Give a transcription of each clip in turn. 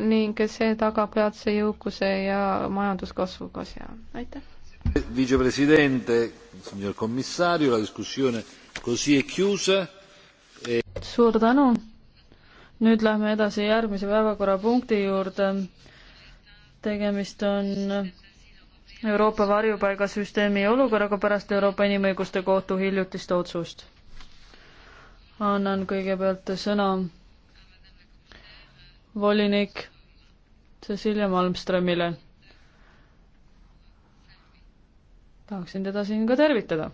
ning see tagab peatse jõukuse ja majanduskasvu ka seal. aitäh. Vicepresidente, signor commissario, la discussione così è chiusa e.... suur tänu. nüüd lähme edasi järgmise päevakorrapunkti juurde. tegemist on Euroopa varjupaigasüsteemi olukorraga pärast Euroopa Inimõiguste Kohtu hiljutist otsust. annan kõigepealt sõna volinik Cecilia Malmströmile. tahaksin teda siin ka tervitada.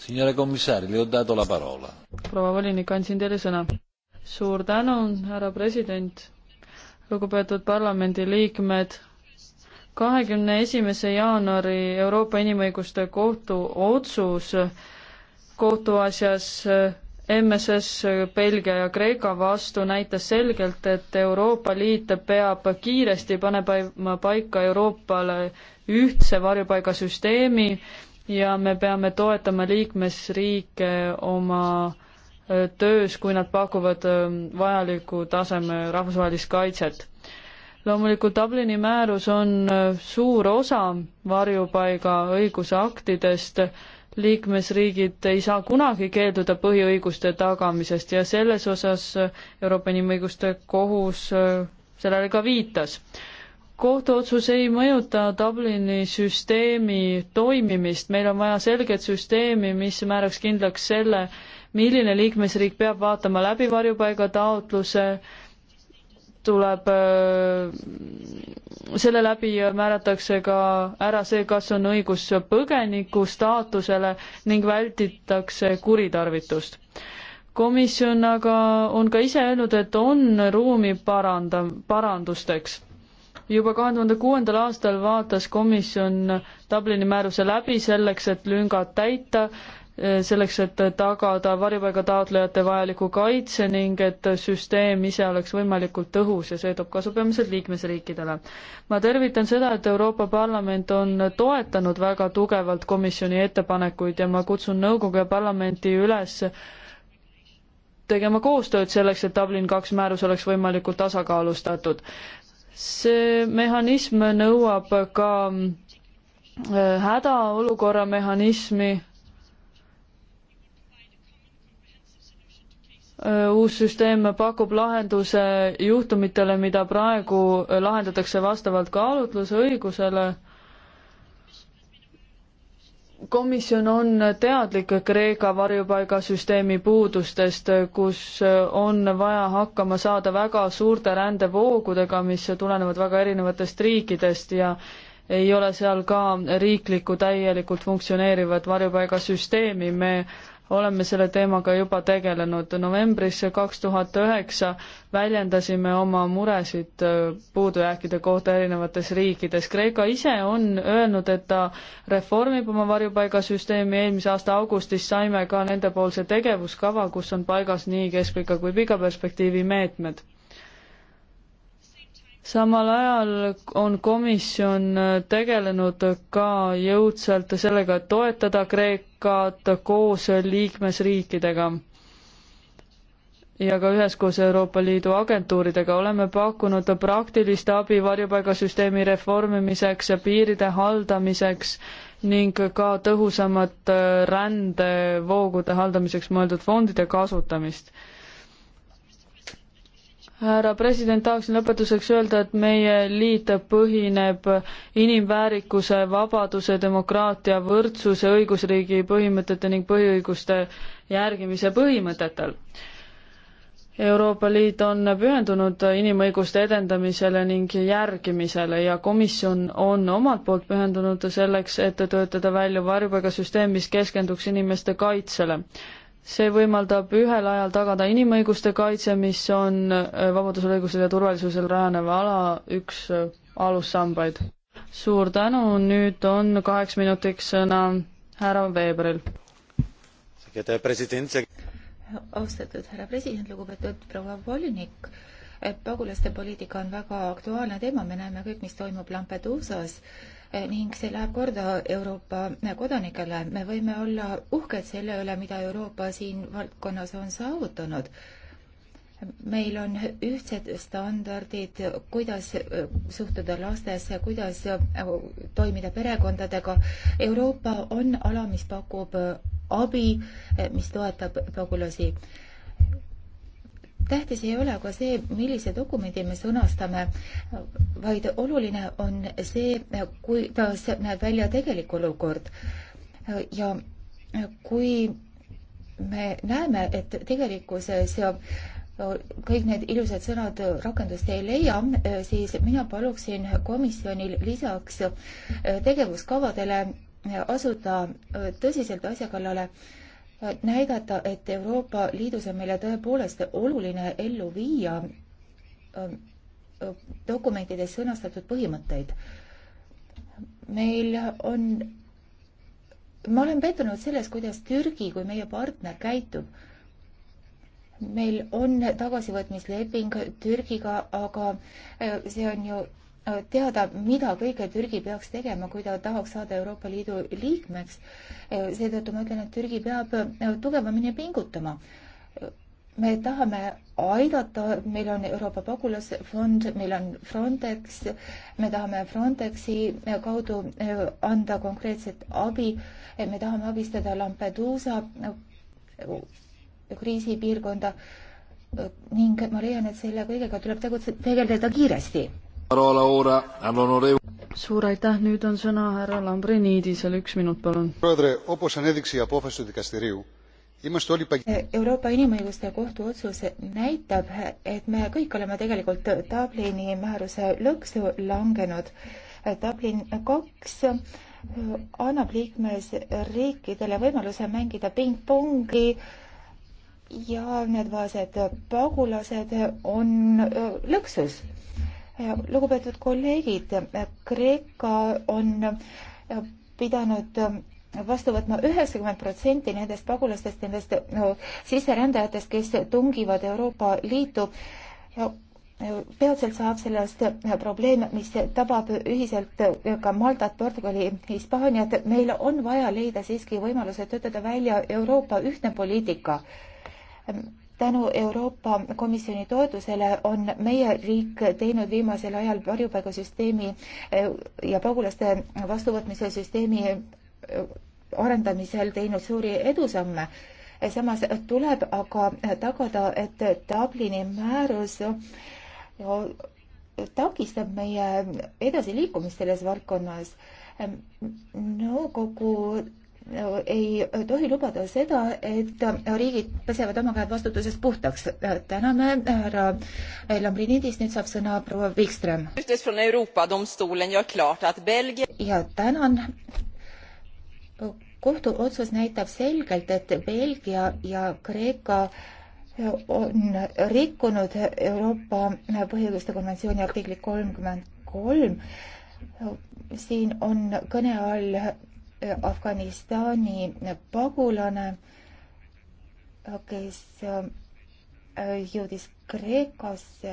Signora commissario, le ho dato la parola. proua volinik, andsin teile sõna. suur tänu, härra president lugupeetud parlamendiliikmed, kahekümne esimese jaanuari Euroopa Inimõiguste Kohtu otsus kohtuasjas MSS Belgia ja Kreeka vastu näitas selgelt, et Euroopa Liit peab kiiresti panema paika Euroopale ühtse varjupaigasüsteemi ja me peame toetama liikmesriike oma töös, kui nad pakuvad ähm, vajaliku taseme rahvusvahelist kaitset. loomulikult Dublini määrus on äh, suur osa varjupaiga õigusaktidest, liikmesriigid ei saa kunagi keelduda põhiõiguste tagamisest ja selles osas äh, Euroopa Inimõiguste Kohus äh, sellele ka viitas. kohtuotsus ei mõjuta Dublini süsteemi toimimist, meil on vaja selget süsteemi, mis määraks kindlaks selle, milline liikmesriik peab vaatama läbi varjupaigataotluse, tuleb, äh, selle läbi määratakse ka ära see, kas on õigus põgeniku staatusele ning välditakse kuritarvitust. komisjon aga on ka ise öelnud, et on ruumi paranda, parandusteks juba kahe tuhande kuuendal aastal vaatas komisjon Dublini määruse läbi selleks, et lüngad täita Eh, selleks, et tagada varjupaigataotlejate vajaliku kaitse ning et süsteem ise oleks võimalikult tõhus ja see toob kasu peamiselt liikmesriikidele. ma tervitan seda, et Euroopa Parlament on toetanud väga tugevalt komisjoni ettepanekuid ja ma kutsun nõukogu ja parlamenti üles tegema koostööd selleks, et Dublin kaks määrus oleks võimalikult tasakaalustatud. see mehhanism nõuab ka eh, hädaolukorra mehhanismi Äh, uus süsteem pakub lahenduse juhtumitele, mida praegu lahendatakse vastavalt kaalutlusõigusele. komisjon on teadlik Kreeka varjupaigasüsteemi puudustest, kus on vaja hakkama saada väga suurte rändevoogudega, mis tulenevad väga erinevatest riikidest ja ei ole seal ka riiklikku täielikult funktsioneerivat varjupaigasüsteemi, me oleme selle teemaga juba tegelenud. novembris kaks tuhat üheksa väljendasime oma muresid äh, puudujääkide kohta erinevates riikides. Kreeka ise on öelnud, et ta reformib oma varjupaigasüsteemi, eelmise aasta augustis saime ka nendepoolse tegevuskava, kus on paigas nii keskpika kui pika perspektiivi meetmed samal ajal on komisjon äh, tegelenud ka jõudsalt sellega, et toetada Kreekat koos liikmesriikidega ja ka üheskoos Euroopa Liidu agentuuridega oleme pakkunud praktilist abi varjupaigasüsteemi reformimiseks ja piiride haldamiseks ning ka tõhusamat äh, rändevoogude haldamiseks mõeldud fondide kasutamist härra president, tahaksin lõpetuseks öelda, et meie liit põhineb inimväärikuse, vabaduse, demokraatia, võrdsuse, õigusriigi põhimõtete ning põhiõiguste järgimise põhimõtetel. Euroopa Liit on pühendunud inimõiguste edendamisele ning järgimisele ja komisjon on omalt poolt pühendunud selleks, et töötada välja varjupaigasüsteem, mis keskenduks inimeste kaitsele see võimaldab ühel ajal tagada inimõiguste kaitse, mis on äh, vabadusel, õigusel ja turvalisusel rajaneva ala üks äh, alussambaid. suur tänu, nüüd on kaheks minutiks sõna härra Veebril. austatud härra president, lugupeetud proua volinik, pagulaste poliitika on väga aktuaalne teema, me näeme kõik, mis toimub Lampeduusas Eh, ning see läheb korda Euroopa eh, kodanikele. me võime olla uhked selle üle, mida Euroopa siin valdkonnas on saavutanud meil on ühtsed standardid, kuidas eh, suhtuda lastesse, kuidas toimida perekondadega. Euroopa on ala, mis pakub abi, mis toetab pagulasi tähtis ei ole aga see, millise dokumendi me sõnastame, vaid oluline on see, kuidas näeb välja tegelik olukord. ja kui me näeme, et tegelikkuses kõik need ilusad sõnad rakendust ei leia, siis mina paluksin komisjonil lisaks tegevuskavadele asuda tõsiselt asja kallale näidata, et Euroopa Liidus on meile tõepoolest oluline ellu viia ähm, dokumentides sõnastatud põhimõtteid. meil on, ma olen pettunud selles, kuidas Türgi kui meie partner käitub. meil on tagasivõtmisleping Türgiga, aga äh, see on ju Äh, teada, mida kõike Türgi peaks tegema, kui ta tahaks saada Euroopa Liidu liikmeks. Äh, seetõttu ma ütlen, et Türgi peab äh, tugevamini pingutama. me tahame aidata, meil on Euroopa pagulasfond, meil on Frontex, me tahame Frontexi kaudu anda konkreetset abi, me tahame abistada Lampeduusa kriisipiirkonda ning ma leian, et selle kõigega tuleb tegutseda, tegeleda kiiresti suur aitäh, nüüd on sõna härra Lambrinidisel, üks minut, palun. Eh, Euroopa Inimõiguste Kohtu otsus näitab, et me kõik oleme tegelikult Dublini määruse lõksu langenud. Dublin kaks eh, annab liikmesriikidele võimaluse mängida pingpongi ja need vaesed pagulased on eh, lõksus Äh, lugupeetud kolleegid, äh, Kreeka on äh, pidanud vastu võtma üheksakümmend protsenti nendest pagulastest, nendest no, sisserändajatest, kes tungivad Euroopa Liitu. peatselt saab sellest probleem, mis tabab ühiselt ka Maltat, Portugali, Hispaaniat. meil on vaja leida siiski võimalused töötada välja Euroopa ühtne poliitika ähm, tänu Euroopa Komisjoni toetusele on meie riik teinud viimasel ajal varjupaigasüsteemi eh, ja pagulaste vastuvõtmise süsteemi eh, arendamisel teinud suuri edusamme. Eh, samas tuleb aga tagada, et Dublini määrus takistab meie edasiliikumist selles valdkonnas. nõukogu no, ei tohi lubada seda, et riigid pesevad oma käed vastutusest puhtaks. täname härra Lambrinidis, nüüd saab sõna proua Wikström. ja tänan. kohtuotsus näitab selgelt, et Belgia ja Kreeka on rikkunud Euroopa põhiõiguste konventsiooni artiklit kolmkümmend kolm. siin on kõne all Afganistani pagulane, kes äh, jõudis Kreekasse,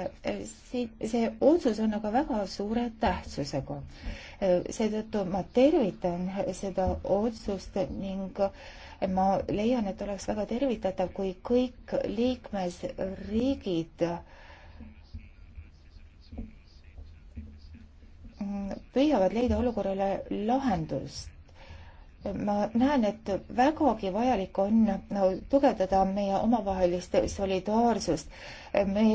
see otsus on aga väga suure tähtsusega. Äh, seetõttu ma tervitan seda otsust ning äh, ma leian, et oleks väga tervitatav, kui kõik liikmesriigid mm, püüavad leida olukorrale lahendust ma näen, et vägagi vajalik on no, tugevdada meie omavahelist solidaarsust. me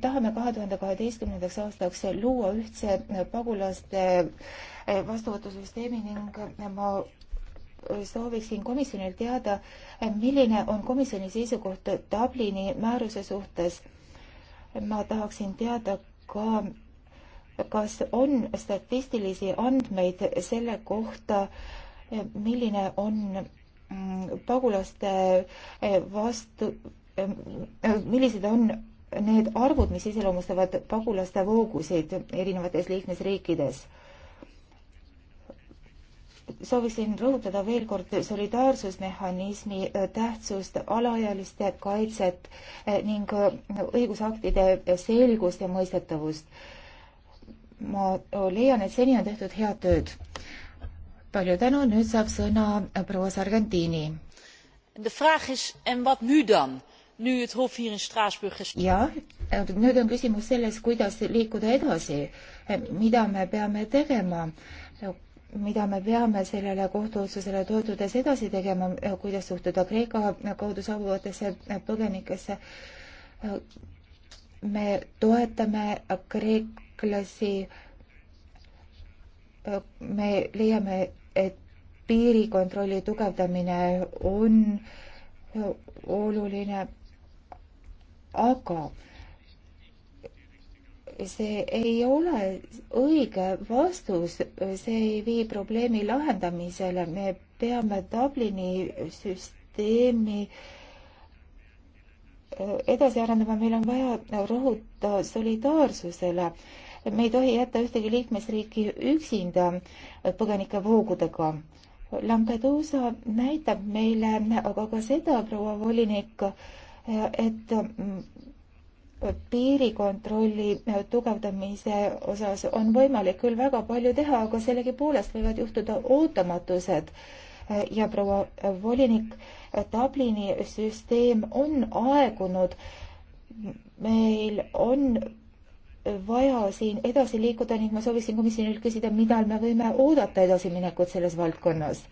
tahame kahe tuhande kaheteistkümnendaks aastaks luua ühtse pagulaste eh, vastuvõtusüsteemi ning ma sooviksin komisjonil teada, milline on komisjoni seisukoht Dublini määruse suhtes. ma tahaksin teada ka kas on statistilisi andmeid selle kohta, milline on mm, pagulaste eh, vastu, eh, eh, millised on need arvud, mis iseloomustavad pagulaste voogusid erinevates liikmesriikides. sooviksin rõhutada veel kord solidaarsusmehhanismi tähtsust, alaealiste kaitset ning õigusaktide selgust ja mõistetavust. ma leian, et seni on tehtud head tööd palju tänu, nüüd saab sõna äh, proua Sargentini. jah, äh, nüüd on küsimus selles, kuidas liikuda edasi, äh, mida me peame tegema mida me peame sellele kohtuotsusele toetudes edasi tegema, kuidas suhtuda Kreeka kaudu saabuvatesse põgenikesse. me toetame kreeklasi. me leiame, et piirikontrolli tugevdamine on oluline, aga see ei ole õige vastus, see ei vii probleemi lahendamisele, me peame Dublini süsteemi edasi arendama, meil on vaja rõhuda solidaarsusele me ei tohi jätta ühtegi liikmesriiki üksinda põgenikevoogudega. Lampeduusa näitab meile aga ka seda, proua volinik, et piirikontrolli tugevdamise osas on võimalik küll väga palju teha, aga sellegipoolest võivad juhtuda ootamatused. ja proua volinik, Dublini süsteem on aegunud. meil on vaja siin edasi liikuda ning ma sooviksin komisjonilt küsida, millal me võime oodata edasiminekut selles valdkonnas.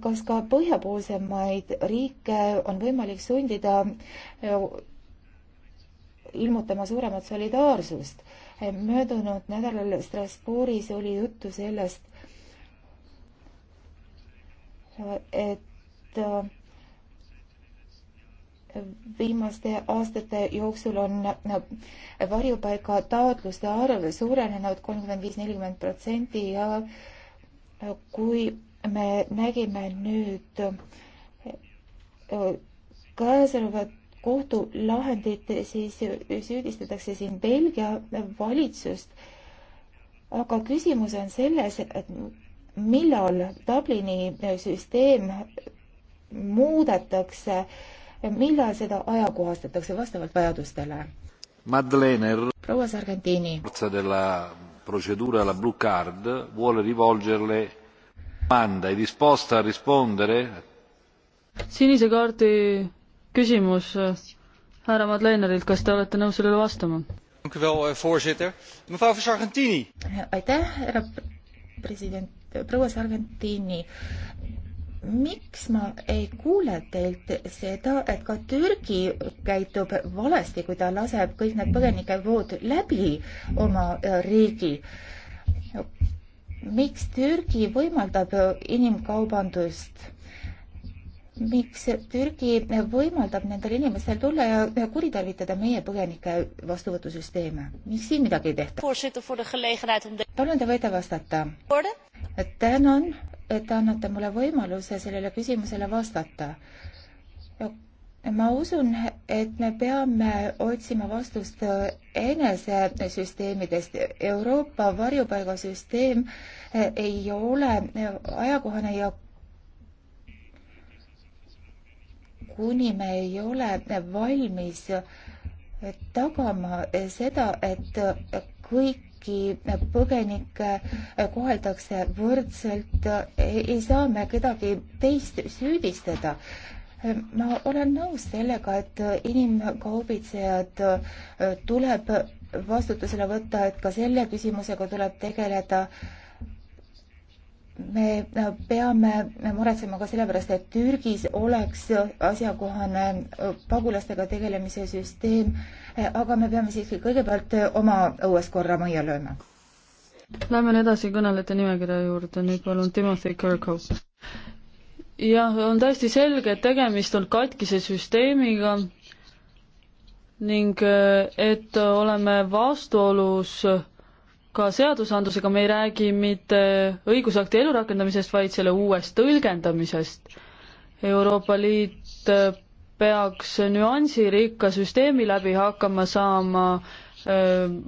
kas ka põhjapoolsemaid riike on võimalik sundida eh, ilmutama suuremat solidaarsust? Eh, möödunud nädalal Strasbourgis oli juttu sellest, eh, et viimaste aastate jooksul on varjupaiga taotluste arv suurenenud kolmkümmend viis, nelikümmend protsenti ja kui me nägime nüüd äh, käesolevat kohtulahendit, siis süüdistatakse siin Belgia valitsust. aga küsimus on selles, et millal Dublini süsteem muudetakse äh, millal seda ajakohastatakse vastavalt vajadustele? proua Sargentini. procedura alla blue card vuole rivolgerle domanda è disposta a rispondere? sinise kaardi küsimus härra Madlenerilt, kas te olete nõus sellele vastama? Eh, voorzitter mevrouw sargentini aitäh härra president proua sargentini miks ma ei kuule teilt seda, et ka Türgi käitub valesti, kui ta laseb kõik need põgenikevood läbi oma äh, riigi? miks Türgi võimaldab äh, inimkaubandust? miks Türgi võimaldab nendel inimestel tulla ja kuritarvitada meie põgenike vastuvõtusüsteeme? miks siin midagi ei tehta? palun, te võite vastata. tänan et te annate mulle võimaluse sellele küsimusele vastata. ma usun, et me peame otsima vastust enesesüsteemidest. Euroopa varjupaigasüsteem ei ole ajakohane ja kuni me ei ole valmis tagama seda, et kõik kõiki põgenikke koheldakse võrdselt, ei saa me kedagi teist süüdistada. ma olen nõus sellega, et inimkaubitsejad tuleb vastutusele võtta, et ka selle küsimusega tuleb tegeleda me peame muretsema ka sellepärast, et Türgis oleks asjakohane pagulastega tegelemise süsteem, aga me peame siiski kõigepealt oma õues korra majja lööma. Lähme nüüd edasi kõnelejate nimekirja juurde, nüüd palun Timothy Kirkhope. jah, on täiesti selge, et tegemist on katkise süsteemiga ning äh, et oleme vastuolus ka seadusandlusega me ei räägi mitte õigusakti elurakendamisest, vaid selle uuest tõlgendamisest. Euroopa Liit peaks nüansirikka süsteemi läbi hakkama saama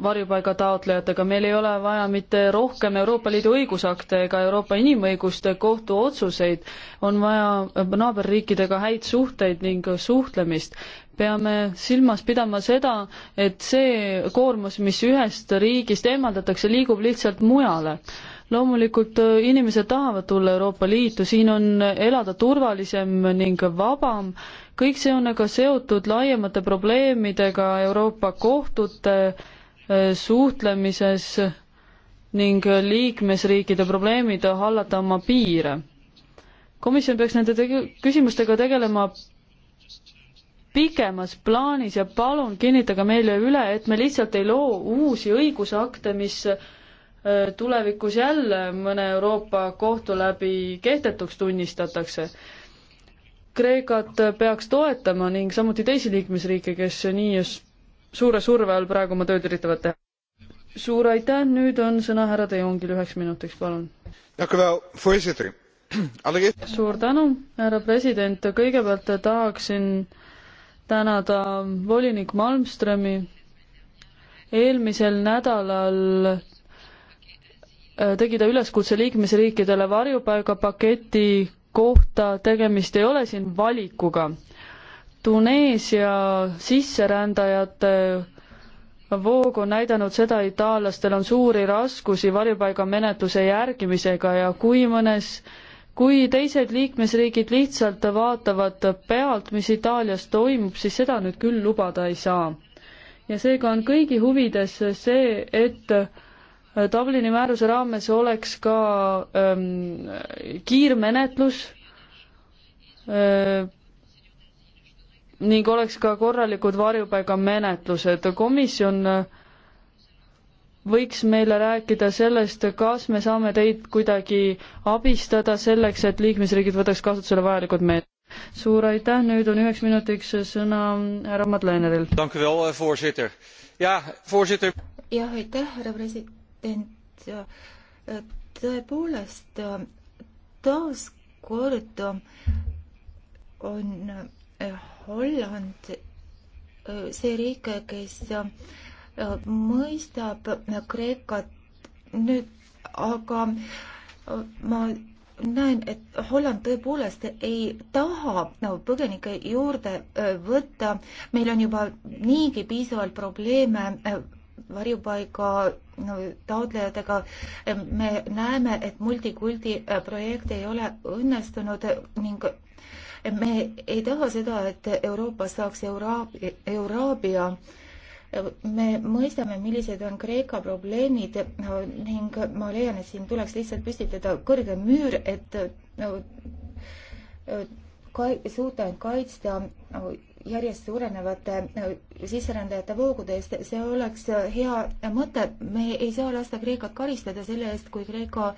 varjupaiga taotlejatega, meil ei ole vaja mitte rohkem Euroopa Liidu õigusakte ega Euroopa Inimõiguste Kohtu otsuseid, on vaja naaberriikidega häid suhteid ning suhtlemist peame silmas pidama seda, et see koormus, mis ühest riigist eemaldatakse, liigub lihtsalt mujale. loomulikult äh, inimesed tahavad tulla Euroopa Liitu, siin on elada turvalisem ning vabam, kõik see on aga seotud laiemate probleemidega Euroopa kohtute äh, suhtlemises ning liikmesriikide probleemid hallata oma piire komisjon peaks nende tege-, küsimustega tegelema pikemas plaanis ja palun kinnitage meile üle, et me lihtsalt ei loo uusi õigusakte, mis äh, tulevikus jälle mõne Euroopa kohtu läbi kehtetuks tunnistatakse. Kreekat peaks toetama ning samuti teisi liikmesriike, kes nii suure surve all praegu oma tööd üritavad teha. suur aitäh, nüüd on sõna härra De Jongil üheks minutiks, palun. suur tänu, härra president, kõigepealt tahaksin tänada volinik Malmströmi. eelmisel nädalal äh, tegi ta üleskutse liikmesriikidele varjupaigapaketi kohta, tegemist ei ole siin valikuga. Tuneesia sisserändajate voog on näidanud seda, itaallastel on suuri raskusi varjupaigamenetluse järgimisega ja kui mõnes kui teised liikmesriigid lihtsalt vaatavad pealt, mis Itaalias toimub, siis seda nüüd küll lubada ei saa. ja seega on kõigi huvides see, et äh, Dublini määruse raames oleks ka ähm, kiirmenetlus äh, ning oleks ka korralikud varjupaigamenetlused. komisjon äh, võiks meile rääkida sellest, kas me saame teid kuidagi abistada selleks, et liikmesriigid võtaks kasutusele vajalikud meetmed. suur aitäh, nüüd on üheks minutiks sõna härra Madleneril. Eh, jah, aitäh, härra president. Eh, tõepoolest, eh, taaskord on Holland see riik, kes mõistab Kreekat nüüd, aga äh, ma näen, et Holland tõepoolest ei taha no, põgenikke juurde äh, võtta. meil on juba niigi piisavalt probleeme äh, varjupaiga no, taotlejatega. me näeme, et multikuldi projekt ei ole õnnestunud ning me ei taha seda, et Euroopas saaks Euraabia, Euraabia me mõistame, millised on Kreeka probleemid ning ma leian, et siin tuleks lihtsalt püstitada kõrge müür, et suuta end kaitsta järjest suurenevate äh, sisserändajate voogude eest, see oleks äh, hea mõte. me ei saa lasta Kreekat karistada selle eest, kui Kreeka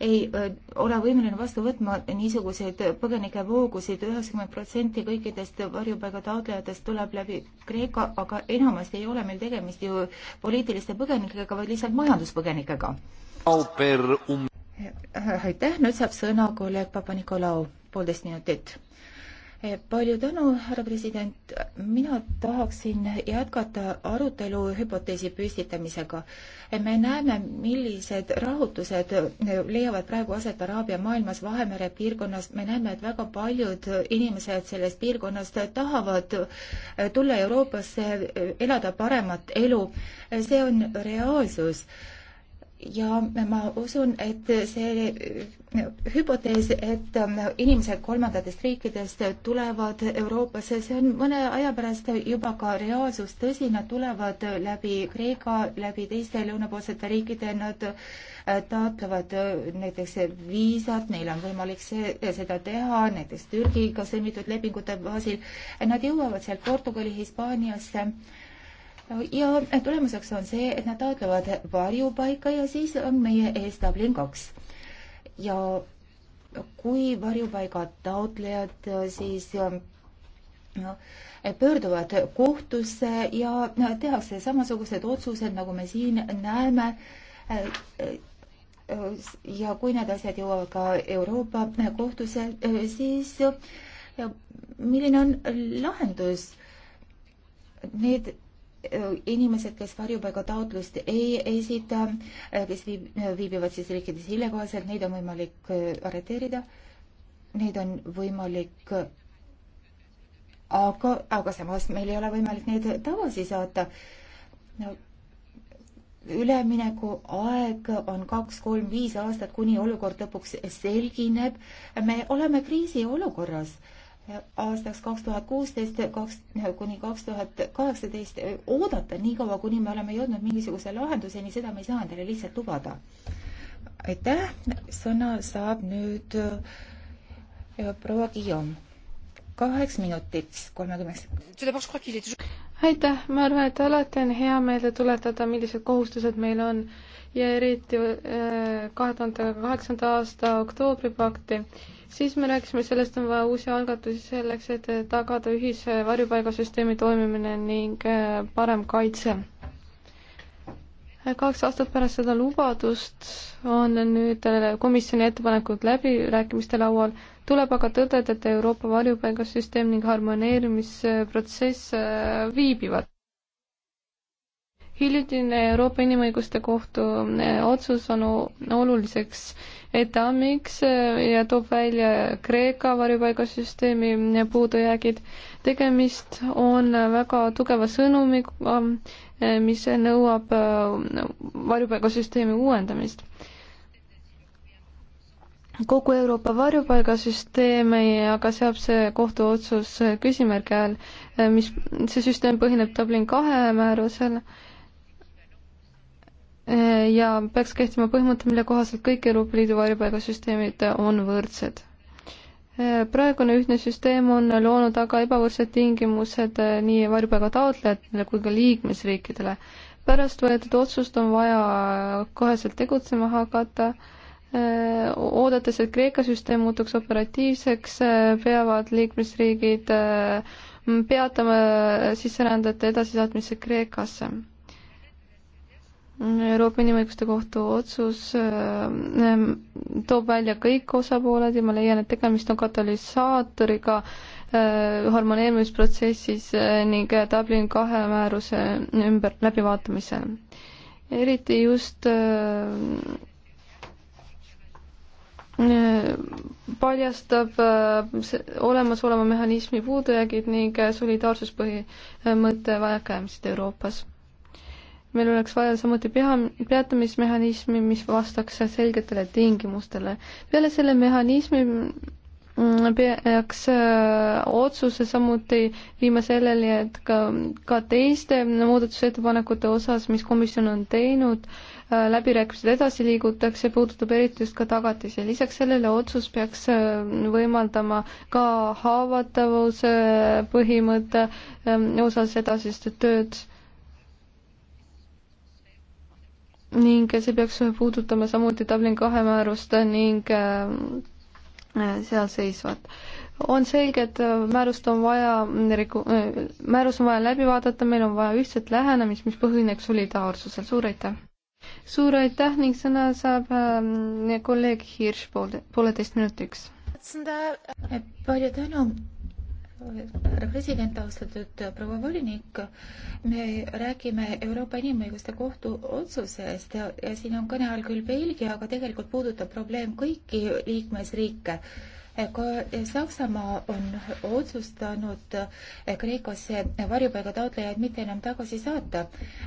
ei äh, ole võimeline vastu võtma niisuguseid põgenikevoogusid. üheksakümmend protsenti kõikidest varjupaiga taotlejatest tuleb läbi Kreeka, aga enamasti ei ole meil tegemist ju poliitiliste põgenikega, vaid lihtsalt majanduspõgenikega. Um- aitäh, nüüd saab sõna kolleeg Papa-Nikolau, poolteist minutit palju tänu, härra president. mina tahaksin jätkata arutelu hüpoteesi püstitamisega. me näeme, millised rahutused leiavad praegu aset Araabia maailmas, Vahemere piirkonnas. me näeme, et väga paljud inimesed sellest piirkonnast tahavad tulla Euroopasse, elada paremat elu. see on reaalsus ja ma usun, et see äh, hüpotees, et ähm, inimesed kolmandatest riikidest tulevad Euroopasse, see on mõne aja pärast juba ka reaalsus, tõsi, nad tulevad läbi Kreeka, läbi teiste lõunapoolsete riikide, nad äh, taotlevad äh, näiteks viisat, neil on võimalik see, seda teha, näiteks Türgiga sõlmitud lepingute baasil, nad jõuavad sealt Portugali, Hispaaniasse ja tulemuseks on see, et nad taotlevad varjupaika ja siis on meie ees tabel kaks. ja kui varjupaiga taotlejad äh, siis no, äh, pöörduvad kohtusse ja äh, tehakse samasugused otsused, nagu me siin näeme. ja kui need asjad jõuavad ka Euroopa kohtusse, siis milline on lahendus? Need inimesed, kes varjupaigataotlust ei esita, kes viib, viibivad siis riikides illegaalselt, neid on võimalik äh, arreteerida, neid on võimalik aga, aga samas meil ei ole võimalik neid tagasi saata no, ülemineku aeg on kaks, kolm, viis aastat, kuni olukord lõpuks selgineb. me oleme kriisiolukorras aastaks kaks tuhat kuusteist kaks, kuni kaks tuhat kaheksateist oodata nii kaua, kuni me oleme jõudnud mingisuguse lahenduseni, seda me ei saa endale lihtsalt lubada. aitäh, sõna saab nüüd äh, proua Guillaume kaheks minutiks kolmekümneks. aitäh, ma arvan, et alati on hea meelde tuletada, millised kohustused meil on ja eriti äh, kahe tuhande kaheksanda aasta oktoobripakti äh, siis me rääkisime sellest, on vaja uusi algatusi selleks, et tagada ühise varjupaigasüsteemi toimimine ning äh, parem kaitse. kaks aastat pärast seda lubadust on nüüd äh, komisjoni ettepanekud läbirääkimiste laual, tuleb aga tõdeda, et Euroopa varjupaigasüsteem ning harmoneerimisprotsess äh, viibivad hiljutine Euroopa Inimõiguste Kohtu eh, otsus on oluliseks etamiks eh, ja toob välja Kreeka varjupaigasüsteemi eh, puudujäägid. tegemist on väga tugeva sõnumiga, mis nõuab varjupaigasüsteemi uuendamist. kogu Euroopa varjupaigasüsteemi aga seab see kohtuotsus küsimärgi all, mis, see süsteem põhineb Dublin kahe määrusel äh, Äh, ja peaks kehtima põhimõte, mille kohaselt kõik Euroopa Liidu varjupaigasüsteemid on võrdsed. Äh, praegune ühtne süsteem on loonud aga ebavõrdsed tingimused äh, nii varjupaiga taotlejatele kui ka liikmesriikidele. pärast võetud otsust on vaja koheselt tegutsema hakata, oodates, et Kreeka süsteem muutuks operatiivseks, peavad liikmesriigid peatama sisserändajate edasisaatmise Kreekasse Euroopa Inimõiguste Kohtu otsus ähm, toob välja kõik osapooled ja ma leian, et tegemist on katalüsaatoriga äh, harmoneerimisprotsessis äh, ning äh, Dublin kahe määruse ümber läbivaatamisel. eriti just paljastab olemasoleva mehhanismi puudujäägid ning solidaarsuspõhimõtte vajakajäämised Euroopas meil oleks vaja samuti pea, peatamismehhanismi, mis vastaks selgetele tingimustele. peale selle mehhanismi mm, peaks äh, otsuse samuti viima selleni, et ka, ka teiste muudatusettepanekute osas, mis komisjon on teinud, äh, läbirääkimised edasi liigutakse, puudutab eriti just ka tagatisi. lisaks sellele otsus peaks äh, võimaldama ka haavatavuse põhimõtte osas edasist tööd ning see peaks puudutama samuti Dublin kahe määrust ning äh, äh, seal seisvat. on selge, et äh, määrust on vaja, määrus on vaja läbi vaadata, meil on vaja ühtset lähenemist, mis põhineks solidaarsusel, suur aitäh! suur aitäh ning sõna saab ähm, kolleeg Hirš poole, pooleteist minutiks. palju tänu, härra president, austatud proua volinik, me räägime Euroopa Inimõiguste Kohtu otsusest ja, ja siin on kõne all küll Belgia, aga tegelikult puudutab probleem kõiki liikmesriike kui Saksamaa on otsustanud Kreekasse varjupaiga taotlejaid mitte enam tagasi saata,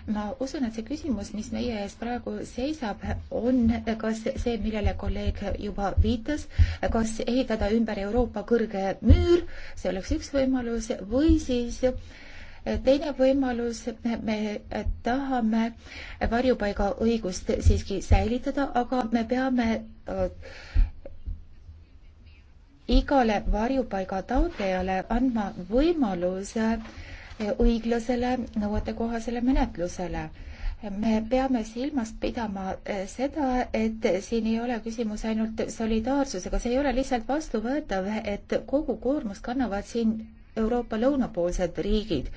ma usun, et see küsimus, mis meie ees praegu seisab, on kas see, millele kolleeg juba viitas, kas ehitada ümber Euroopa kõrge müür, see oleks üks võimalus, või siis teine võimalus, me tahame varjupaiga õigust siiski säilitada, aga me peame igale varjupaiga taotlejale andma võimaluse eh, õiglasele nõuetekohasele menetlusele me peame silmas pidama eh, seda, et siin ei ole küsimus ainult solidaarsusega, see ei ole lihtsalt vastuvõetav, et kogu koormust kannavad siin Euroopa lõunapoolsed riigid.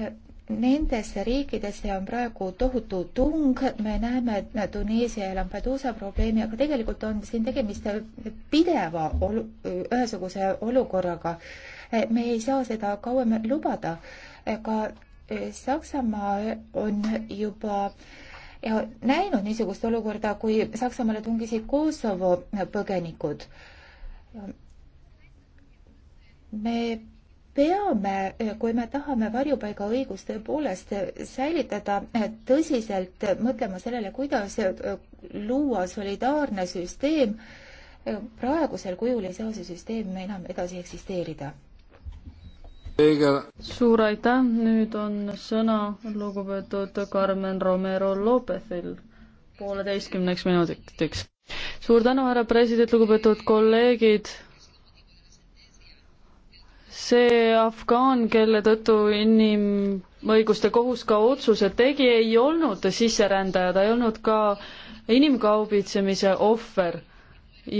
Eh, Nendesse riikidesse on praegu tohutu tung, me näeme Tuneesia ja Lampedusa probleemi, aga tegelikult on siin tegemist pideva olu, ühesuguse olukorraga. me ei saa seda kauem lubada. ka e, Saksamaa on juba ja e, näinud niisugust olukorda, kui Saksamaale tungisid Kosovo põgenikud. me peame, kui me tahame varjupaigaõigust tõepoolest säilitada, tõsiselt mõtlema sellele, kuidas luua solidaarne süsteem. praegusel kujul ei saa see süsteem enam edasi eksisteerida. suur aitäh, nüüd on sõna lugupeetud Carmen Romero Lopezil pooleteistkümneks minutiks. suur tänu, härra president, lugupeetud kolleegid see afgaan, kelle tõttu inimõiguste kohus ka otsuse tegi, ei olnud sisserändaja, ta ei olnud ka inimkaubitsemise ohver.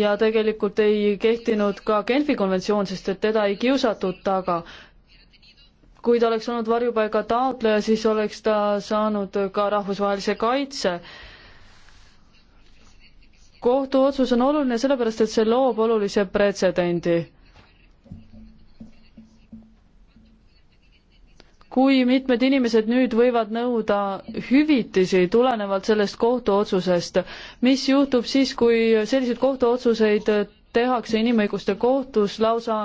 ja tegelikult ei kehtinud ka Genfi konventsioon, sest et teda ei kiusatud taga. kui ta oleks olnud varjupaiga taotleja, siis oleks ta saanud ka rahvusvahelise kaitse kohtuotsus on oluline sellepärast, et see loob olulise pretsedendi kui mitmed inimesed nüüd võivad nõuda hüvitisi tulenevalt sellest kohtuotsusest, mis juhtub siis, kui selliseid kohtuotsuseid tehakse inimõiguste kohtus lausa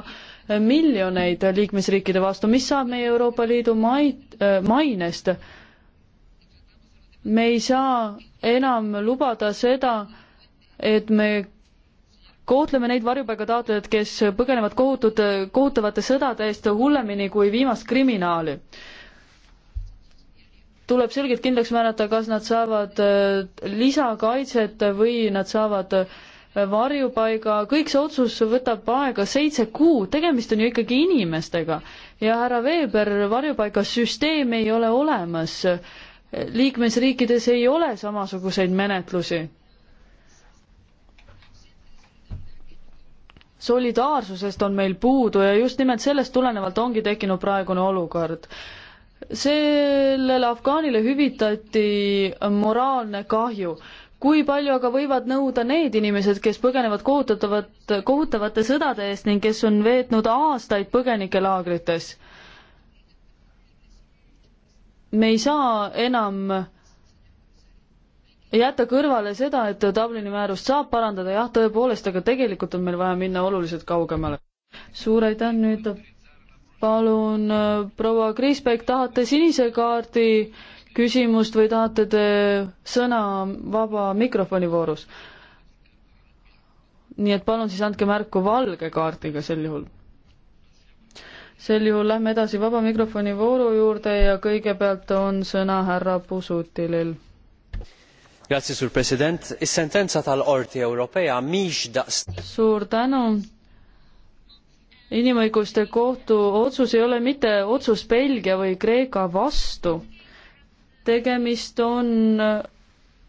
miljoneid liikmesriikide vastu, mis saab meie Euroopa Liidu maid, mainest? me ei saa enam lubada seda, et me kohtleme neid varjupaigataotlejaid, kes põgenevad kohutud, kohutavate sõdade eest hullemini kui viimast kriminaali. tuleb selgelt kindlaks määrata, kas nad saavad äh, lisakaitset või nad saavad äh, varjupaiga, kõik see otsus võtab aega seitse kuud, tegemist on ju ikkagi inimestega. ja härra Veber, varjupaigasüsteem ei ole olemas, liikmesriikides ei ole samasuguseid menetlusi solidaarsusest on meil puudu ja just nimelt sellest tulenevalt ongi tekkinud praegune olukord. sellele afgaanile hüvitati moraalne kahju. kui palju aga võivad nõuda need inimesed, kes põgenevad kohutatavat, kohutavate sõdade eest ning kes on veetnud aastaid põgenikelaagrites? me ei saa enam jätta kõrvale seda, et Dublini määrust saab parandada, jah, tõepoolest, aga tegelikult on meil vaja minna oluliselt kaugemale. suur aitäh nüüd, palun proua Kriisbeck, tahate sinise kaardi küsimust või tahate te sõna vaba mikrofoni voorus? nii et palun siis andke märku valge kaardiga sel juhul. sel juhul lähme edasi vaba mikrofoni vooru juurde ja kõigepealt on sõna härra Pusutilil Sur President, is-sentenza tal-Qorti Ewropea mhix daqs. Suur tänu. inimõiguste kohtu otsus ei ole mitte otsus Belgia või Kreeka vastu. tegemist on äh,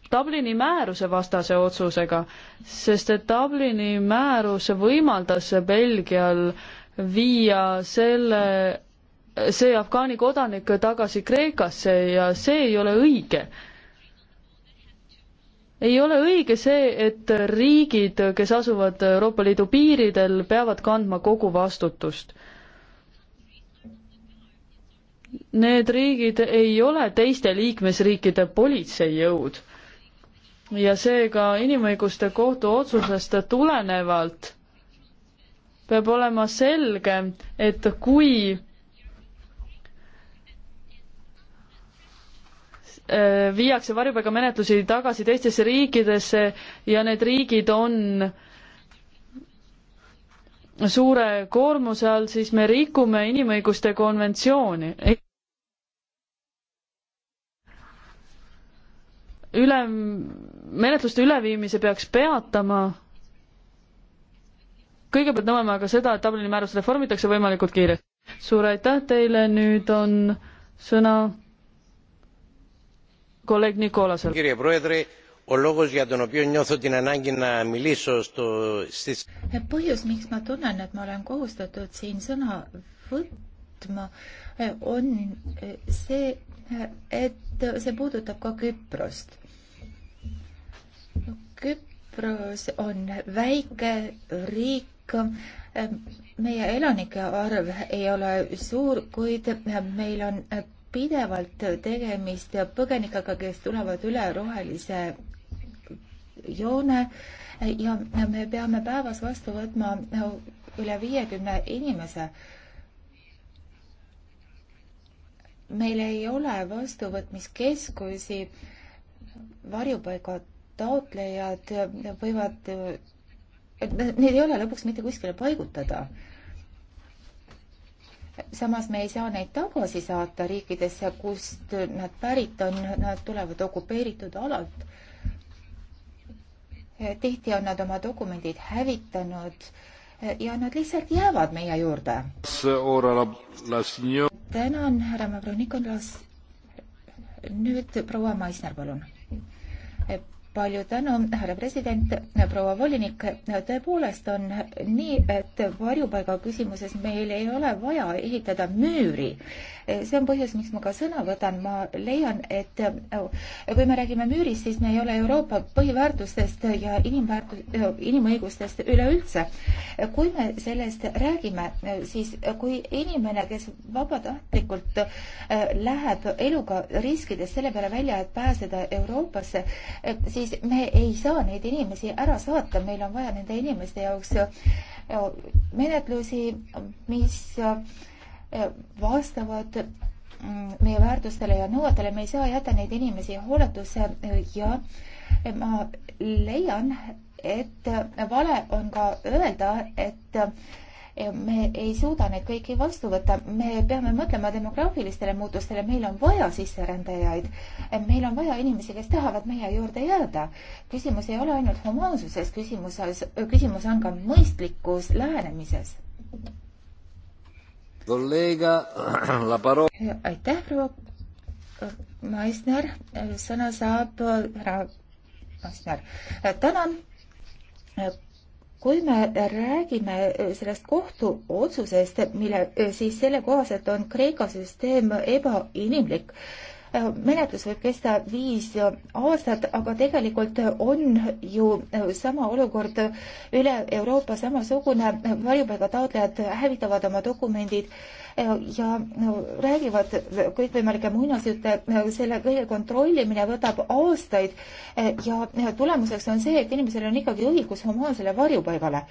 Dublini määruse vastase otsusega, sest et Dublini määrus võimaldas Belgial viia selle, äh, see Afgaani kodanik tagasi Kreekasse ja see ei ole õige ei ole õige see, et riigid, kes asuvad Euroopa Liidu piiridel, peavad kandma kogu vastutust. Need riigid ei ole teiste liikmesriikide politseijõud ja seega Inimõiguste Kohtu otsusest tulenevalt peab olema selge, et kui Äh, viiakse varjupaigamenetlusi tagasi teistesse riikidesse ja need riigid on suure koormuse all, siis me rikume inimõiguste konventsiooni. üle, menetluste üleviimise peaks peatama. kõigepealt nõuame aga seda, et Dublini määrus reformitakse võimalikult kiiresti. suur aitäh teile, nüüd on sõna kolleeg Nikolasel. põhjus, miks ma tunnen, et ma olen kohustatud siin sõna võtma, on eh, see, et see puudutab ka Küprost. Küpros on väike riik, meie elanike arv ei ole suur, kuid meil on pidevalt tegemist põgenikega, kes tulevad üle rohelise joone ja me peame päevas vastu võtma üle viiekümne inimese. meil ei ole vastuvõtmiskeskusi, varjupaiga taotlejad võivad, neid ei ole lõpuks mitte kuskile paigutada samas me ei saa neid tagasi saata riikidesse, kust nad pärit on, nad tulevad okupeeritud alalt. tihti on nad oma dokumendid hävitanud ja nad lihtsalt jäävad meie juurde. tänan, härra Mavronikolas. nüüd proua Maisner, palun palju tänu, härra president, proua volinik, tõepoolest on nii, et varjupaiga küsimuses meil ei ole vaja ehitada müüri see on põhjus, miks ma ka sõna võtan, ma leian, et oh, kui me räägime müürist, siis me ei ole Euroopa põhiväärtustest ja inimväärtus, inimõigustest üleüldse. kui me sellest räägime, siis kui inimene, kes vabatahtlikult eh, läheb eluga riskides selle peale välja, et pääseda Euroopasse, siis me ei saa neid inimesi ära saata, meil on vaja nende inimeste jaoks eh, menetlusi, mis eh, Eh, vastavad mm, meie väärtustele ja nõuetele, me ei saa jätta neid inimesi hooletusse ja eh, ma leian, et vale on ka öelda, et eh, me ei suuda neid kõiki vastu võtta, me peame mõtlema demograafilistele muutustele, meil on vaja sisserändajaid, meil on vaja inimesi, kes tahavad meie juurde jääda. küsimus ei ole ainult humaansuses, küsimuses, küsimus on ka mõistlikus lähenemises aitäh, proua Maisner, sõna saab härra Maisner. tänan. kui me räägime sellest kohtuotsusest, mille, siis selle kohaselt on Kreeka süsteem ebainimlik Äh, menetlus võib kesta viis aastat, aga tegelikult on ju äh, sama olukord üle Euroopa samasugune, varjupaigataotlejad hävitavad oma dokumendid äh, ja räägivad kõikvõimalikke muinasjutte, selle kõige kontrollimine võtab aastaid ja tulemuseks on see, et inimesel on ikkagi õigus humaansele varjupaigale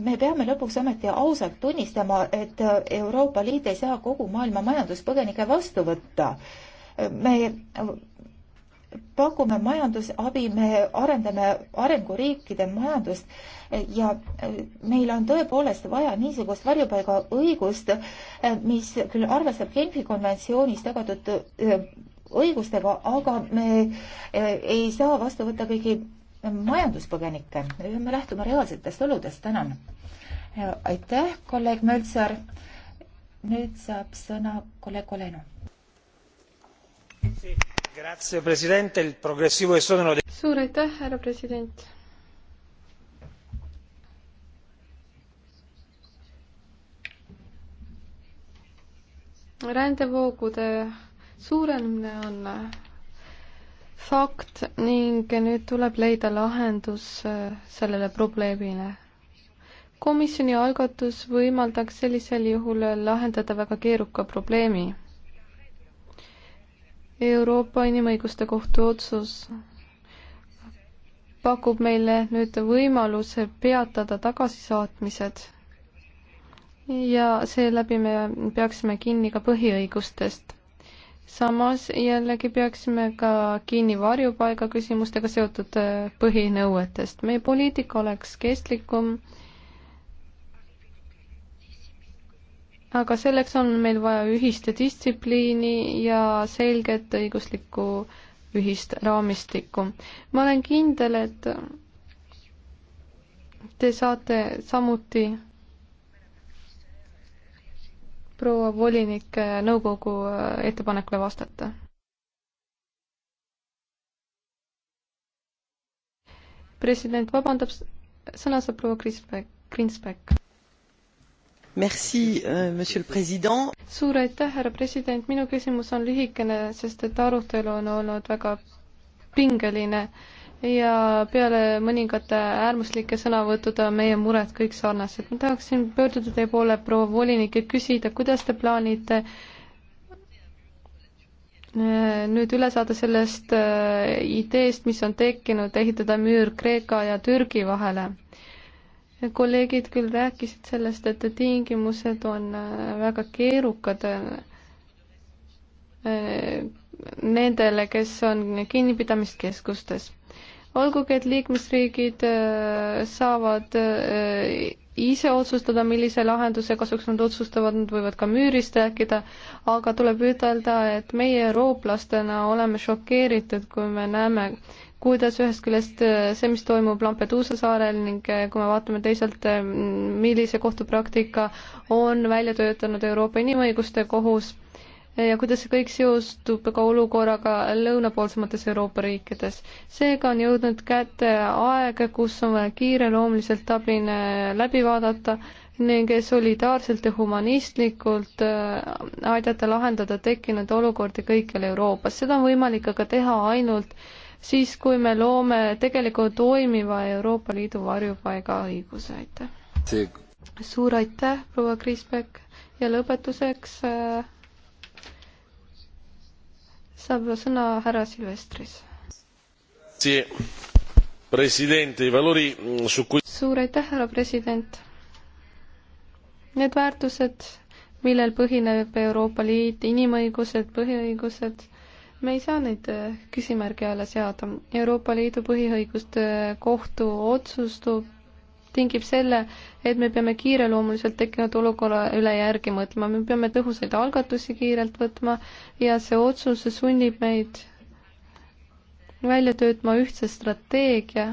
me peame lõpuks ometi ausalt tunnistama, et Euroopa Liit ei saa kogu maailma majanduspõgenikke vastu võtta me pakume majandusabi, me arendame arenguriikide majandust ja meil on tõepoolest vaja niisugust varjupaigaõigust, mis küll arvestab Genfi konventsioonis tagatud eh, õigustega, aga me eh, ei saa vastu võtta kõigi majanduspõgenikke, me peame lähtuma reaalsetest oludest, tänan. aitäh, kolleeg Möltser. nüüd saab sõna kolleeg Olenu suur aitäh, härra president! rändevoogude suurenemine on fakt ning nüüd tuleb leida lahendus äh, sellele probleemile. komisjoni algatus võimaldaks sellisel juhul lahendada väga keeruka probleemi Euroopa Inimõiguste Kohtu otsus pakub meile nüüd võimaluse peatada tagasisaatmised ja seeläbi me peaksime kinni ka põhiõigustest. samas jällegi peaksime ka kinni varjupaiga küsimustega seotud põhinõuetest. meie poliitika oleks kestlikum äh, aga selleks on meil vaja ühiste distsipliini ja selget õiguslikku ühist raamistikku. ma olen kindel, et te saate samuti proua volinik nõukogu ettepanekule vastata. president vabandab, sõna saab proua Kriisbeck, Krinsbeck. Euh, suur aitäh, härra president, minu küsimus on lühikene, sest et arutelu on olnud väga pingeline ja peale mõningate äärmuslike sõnavõttude on meie mured kõik sarnased. ma tahaksin pöörduda teie poole, proua volinik, ja küsida, kuidas te plaanite äh, nüüd üle saada sellest äh, ideest, mis on tekkinud, ehitada müür Kreeka ja Türgi vahele kolleegid küll rääkisid sellest, et tingimused on äh, väga keerukad äh, nendele, kes on kinnipidamiskeskustes. olgugi, et liikmesriigid äh, saavad ise otsustada, millise lahenduse kasuks nad otsustavad, nad võivad ka müürist rääkida, aga tuleb ütelda, et meie eurooplastena oleme šokeeritud, kui me näeme, kuidas ühest küljest äh, see, mis toimub Lampeduusa saarel ning äh, kui me vaatame teisalt, äh, millise kohtupraktika on välja töötanud Euroopa Inimõiguste Kohus ja kuidas see kõik seostub ka olukorraga lõunapoolsemates Euroopa riikides. seega on jõudnud kätte aeg, kus on vaja kiireloomuliselt abine läbi vaadata ning solidaarselt ja humanistlikult äh, aidata lahendada tekkinud olukordi kõikjal Euroopas. seda on võimalik aga teha ainult siis, kui me loome tegelikult toimiva Euroopa Liidu varjupaiga õiguse, aitäh! suur aitäh, proua Kriisbeck ja lõpetuseks äh, saab sõna härra Silvestris. Mm, suur aitäh, härra president. Need väärtused, millel põhineb Euroopa Liit, inimõigused, põhiõigused, me ei saa neid eh, küsimärgi alla seada. Euroopa Liidu põhiõiguste kohtu otsus toob tingib selle, et me peame kiireloomuliselt tekkinud olukorra üle järgi mõtlema, me peame tõhusaid algatusi kiirelt võtma ja see otsus sunnib meid välja töötma ühtse strateegia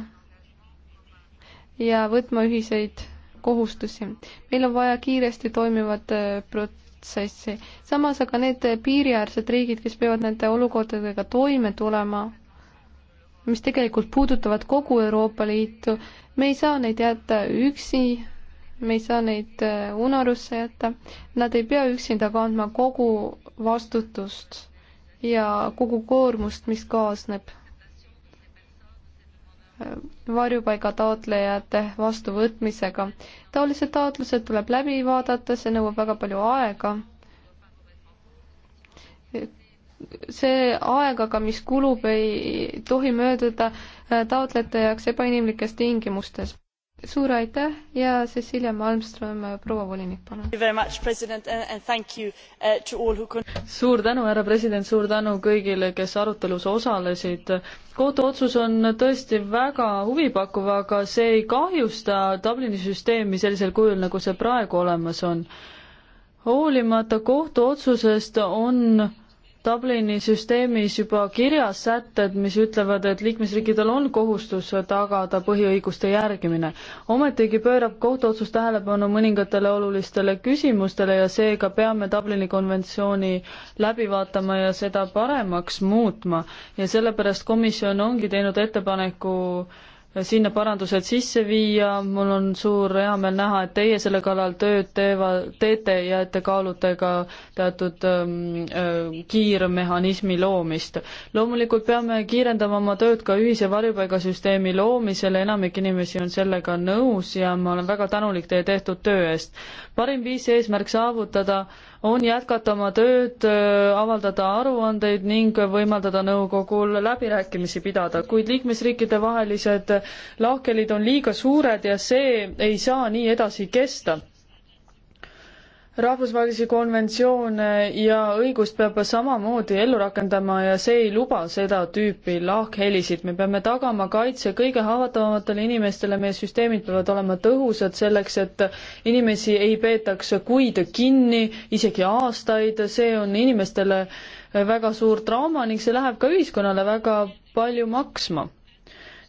ja võtma ühiseid kohustusi. meil on vaja kiiresti toimivat äh, protsessi, samas aga need piiriäärsed riigid, kes peavad nende olukordadega toime tulema, mis tegelikult puudutavad kogu Euroopa Liitu. me ei saa neid jätta üksi, me ei saa neid äh, unarusse jätta, nad ei pea üksinda kandma kogu vastutust ja kogu koormust, mis kaasneb äh, varjupaiga taotlejate vastuvõtmisega. taolised taotlused tuleb läbi vaadata, see nõuab väga palju aega see aeg aga, mis kulub, ei tohi mööduda äh, taotlejate jaoks ebainimlikes tingimustes. suur aitäh ja Cecilia Malmström, äh, proua volinik, palun. Uh, suur tänu, härra president, suur tänu kõigile, kes arutelus osalesid. kohtuotsus on tõesti väga huvipakkuv, aga see ei kahjusta Dublini süsteemi sellisel kujul, nagu see praegu olemas on. hoolimata kohtuotsusest on Dublini süsteemis juba kirjas sätted, mis ütlevad, et liikmesriikidel on kohustus tagada põhiõiguste järgimine. ometigi pöörab kohtuotsus tähelepanu mõningatele olulistele küsimustele ja seega peame Dublini konventsiooni läbi vaatama ja seda paremaks muutma. ja sellepärast komisjon ongi teinud ettepaneku äh, sinna parandused sisse viia, mul on suur heameel näha, et teie selle kallal tööd teeva, teete ja et te kaalute ka teatud ähm, äh, kiirmehhanismi loomist. loomulikult peame kiirendama oma tööd ka ühise varjupaigasüsteemi loomisel, enamik inimesi on sellega nõus ja ma olen väga tänulik teie tehtud töö eest. parim viis eesmärk saavutada äh, on jätkata oma tööd, äh, avaldada aruandeid ning võimaldada nõukogul läbirääkimisi pidada, kuid liikmesriikide vahelised lahkhelid on liiga suured ja see ei saa nii edasi kesta rahvusvahelisi konventsioone ja õigust peab samamoodi ellu rakendama ja see ei luba seda tüüpi lahkhelisid. me peame tagama kaitse kõige haavatavamatele inimestele, meie süsteemid peavad olema tõhusad selleks, et inimesi ei peetaks kuid kinni, isegi aastaid, see on inimestele väga suur trauma ning see läheb ka ühiskonnale väga palju maksma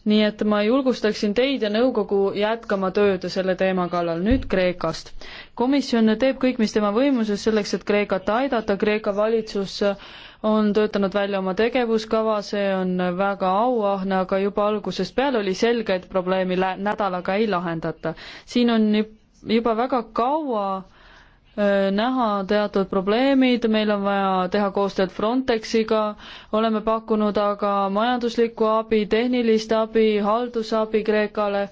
nii et ma julgustaksin teid ja nõukogu jätkama tööd selle teema kallal. nüüd Kreekast. komisjon teeb kõik, mis tema võimuses selleks, et Kreekat aidata, Kreeka valitsus on töötanud välja oma tegevuskava, see on väga auahne, aga juba algusest peale oli selge, et probleemi nädalaga ei lahendata. siin on juba väga kaua Äh, näha teatud probleemid, meil on vaja teha koostööd Frontexiga, oleme pakkunud aga majanduslikku abi, tehnilist abi, haldusabi Kreekale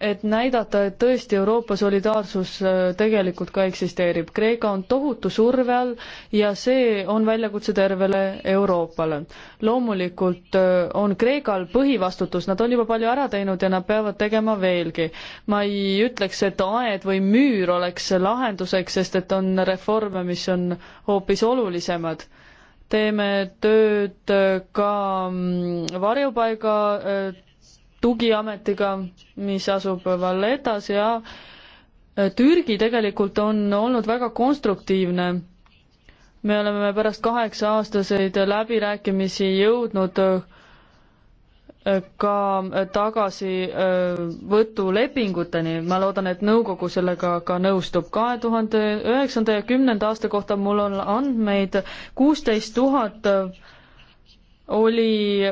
et näidata, et tõesti Euroopa solidaarsus äh, tegelikult ka eksisteerib. Kreeka on tohutu surve all ja see on väljakutse tervele Euroopale. loomulikult äh, on Kreekal põhivastutus, nad on juba palju ära teinud ja nad peavad tegema veelgi. ma ei ütleks, et aed või müür oleks lahenduseks, sest et on reforme, mis on hoopis olulisemad teeme tööd äh, ka mm, varjupaiga tugiametiga, mis asub Valletas ja äh, Türgi tegelikult on olnud väga konstruktiivne. me oleme pärast kaheksa-aastaseid läbirääkimisi jõudnud äh, ka tagasivõtulepinguteni, äh, ma loodan, et nõukogu sellega ka nõustub. kahe tuhande üheksanda ja kümnenda aasta kohta mul on andmeid kuusteist tuhat oli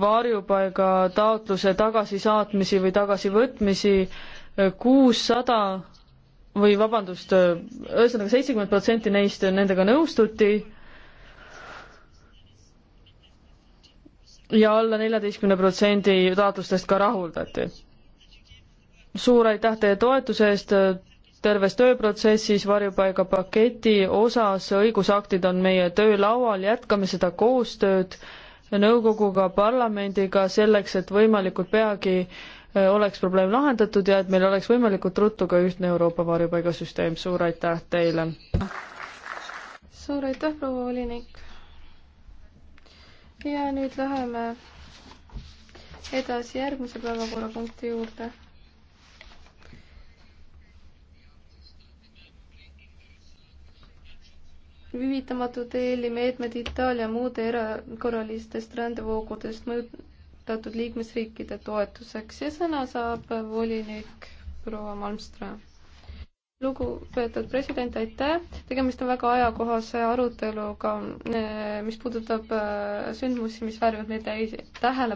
varjupaiga taotluse tagasisaatmisi või tagasivõtmisi kuussada või vabandust, ühesõnaga seitsekümmend protsenti neist, nendega nõustuti ja alla neljateistkümne protsendi taotlustest ka rahuldati. suur aitäh teie toetuse eest, terves tööprotsessis varjupaigapaketi osas, õigusaktid on meie töölaual, jätkame seda koostööd nõukoguga, parlamendiga selleks, et võimalikult peagi äh, oleks probleem lahendatud ja et meil oleks võimalikult ruttu ka ühtne Euroopa varjupaigasüsteem. suur aitäh teile! suur aitäh, proua volinik! ja nüüd läheme edasi järgmise päevakorrapunkti juurde viivitamatud eelmeetmed Itaalia muude erakorralistest rändevoogudest mõjutatud liikmesriikide toetuseks ja sõna saab volinik proua Malmström. lugupeetud president, aitäh, tegemist on väga ajakohase aruteluga, mis puudutab äh, sündmusi, mis väärivad meie tähelepanu.